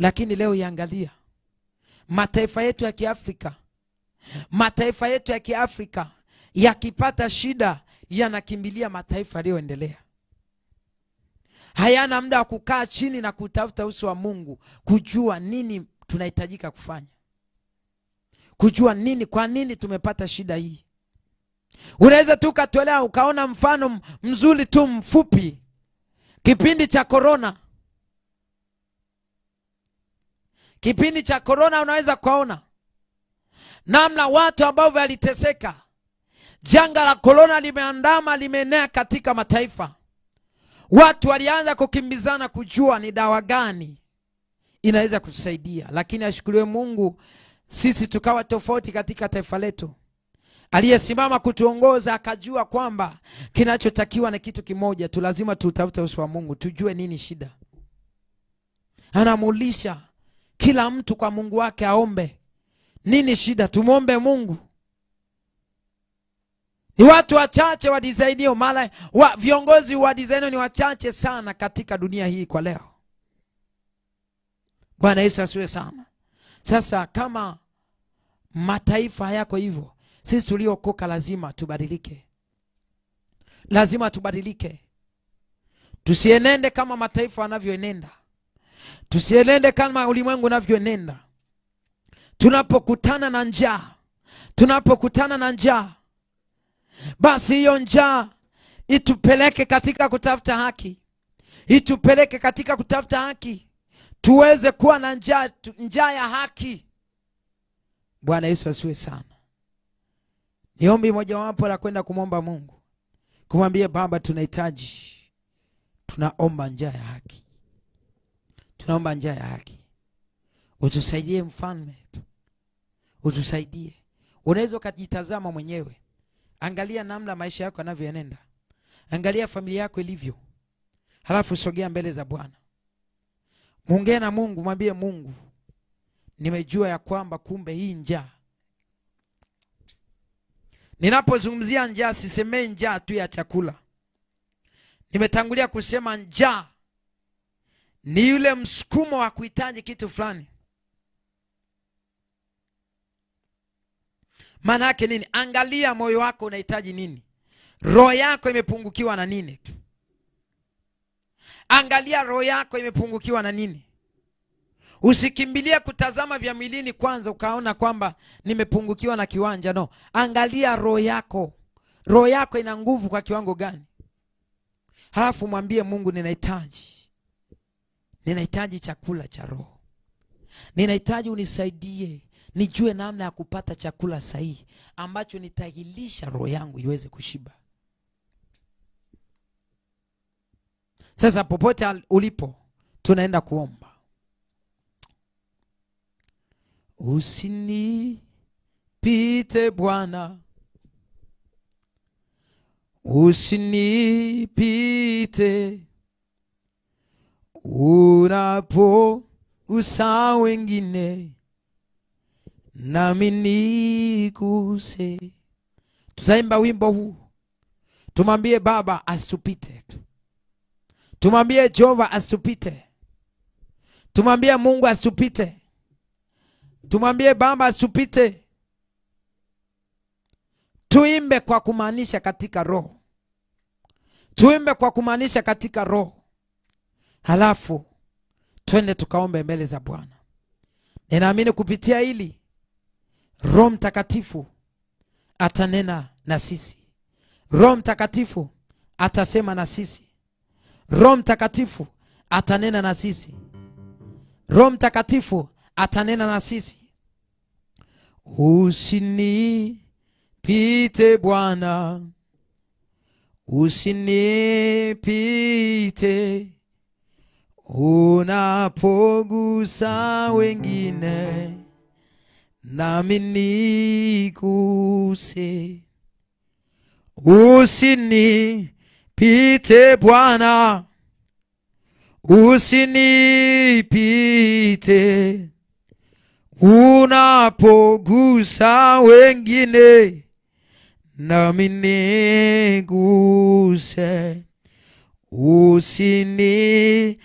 Lakini leo iangalia mataifa yetu ya Kiafrika, mataifa yetu ya Kiafrika yakipata shida yanakimbilia mataifa yaliyoendelea. Hayana muda wa kukaa chini na kutafuta uso wa Mungu, kujua nini tunahitajika kufanya, kujua nini, kwa nini tumepata shida hii. Unaweza tu ukatolea ukaona mfano mzuri tu mfupi, kipindi cha korona Kipindi cha korona unaweza kuona namna watu ambao waliteseka. Janga la korona limeandama, limeenea katika mataifa. Watu walianza kukimbizana kujua ni dawa gani inaweza kutusaidia, lakini ashukuriwe Mungu, sisi tukawa tofauti katika taifa letu. Aliyesimama kutuongoza akajua kwamba kinachotakiwa ni kitu kimoja tu, lazima tutafute uso wa Mungu, tujue nini shida. Anamulisha kila mtu kwa Mungu wake aombe. Nini shida? Tumwombe Mungu. Ni watu wachache wa disainio mala wa, viongozi wa design ni wachache sana katika dunia hii kwa leo. Bwana Yesu asiwe sana. Sasa kama mataifa yako hivyo, sisi tuliokoka lazima tubadilike, lazima tubadilike, tusienende kama mataifa wanavyoenenda. Tusienende kama ulimwengu unavyoenenda. Tunapokutana na njaa, tunapokutana na njaa, basi hiyo njaa itupeleke katika kutafuta haki, itupeleke katika kutafuta haki, tuweze kuwa na njaa, njaa ya haki. Bwana Yesu asiwe sana. Ni ombi mojawapo la kwenda kumwomba Mungu, kumwambia Baba, tunahitaji tunaomba njaa ya haki. Tunaomba njia ya haki, utusaidie mfalme, utusaidie. Unaweza ukajitazama mwenyewe, angalia namna maisha yako yanavyoenenda, angalia familia yako ilivyo, halafu sogea mbele za Bwana, muongee na Mungu, mwambie Mungu, nimejua ya kwamba kumbe hii njaa Ninapozungumzia njaa sisemei njaa tu ya chakula. Nimetangulia kusema njaa ni yule msukumo wa kuhitaji kitu fulani. Maana yake nini? Angalia moyo wako unahitaji nini, roho yako imepungukiwa na nini? Angalia roho yako imepungukiwa na nini. Usikimbilie kutazama vya mwilini kwanza ukaona kwamba nimepungukiwa na kiwanja. No, angalia roho yako, roho yako ina nguvu kwa kiwango gani, halafu mwambie Mungu, ninahitaji Ninahitaji chakula cha roho. Ninahitaji unisaidie nijue namna ya kupata chakula sahihi ambacho nitahilisha roho yangu iweze kushiba. Sasa popote ulipo, tunaenda kuomba. Usinipite Bwana, usinipite Unapo usa wengine nami nikuse. Tutaimba wimbo huu, tumwambie Baba asitupite, tumwambie Jehova asitupite, tumwambie Mungu asitupite, tumwambie Baba asitupite. Tuimbe kwa kumaanisha katika roho, tuimbe kwa kumaanisha katika roho Halafu twende tukaombe mbele za Bwana. Ninaamini kupitia hili Roho Mtakatifu atanena na sisi. Roho Mtakatifu atasema na sisi. Roho Mtakatifu atanena na sisi. Roho Mtakatifu atanena na sisi. Usinipite Bwana, usinipite Unapogusa wengine nami niguse, usinipite Bwana, usinipite. Unapogusa wengine nami niguse, usini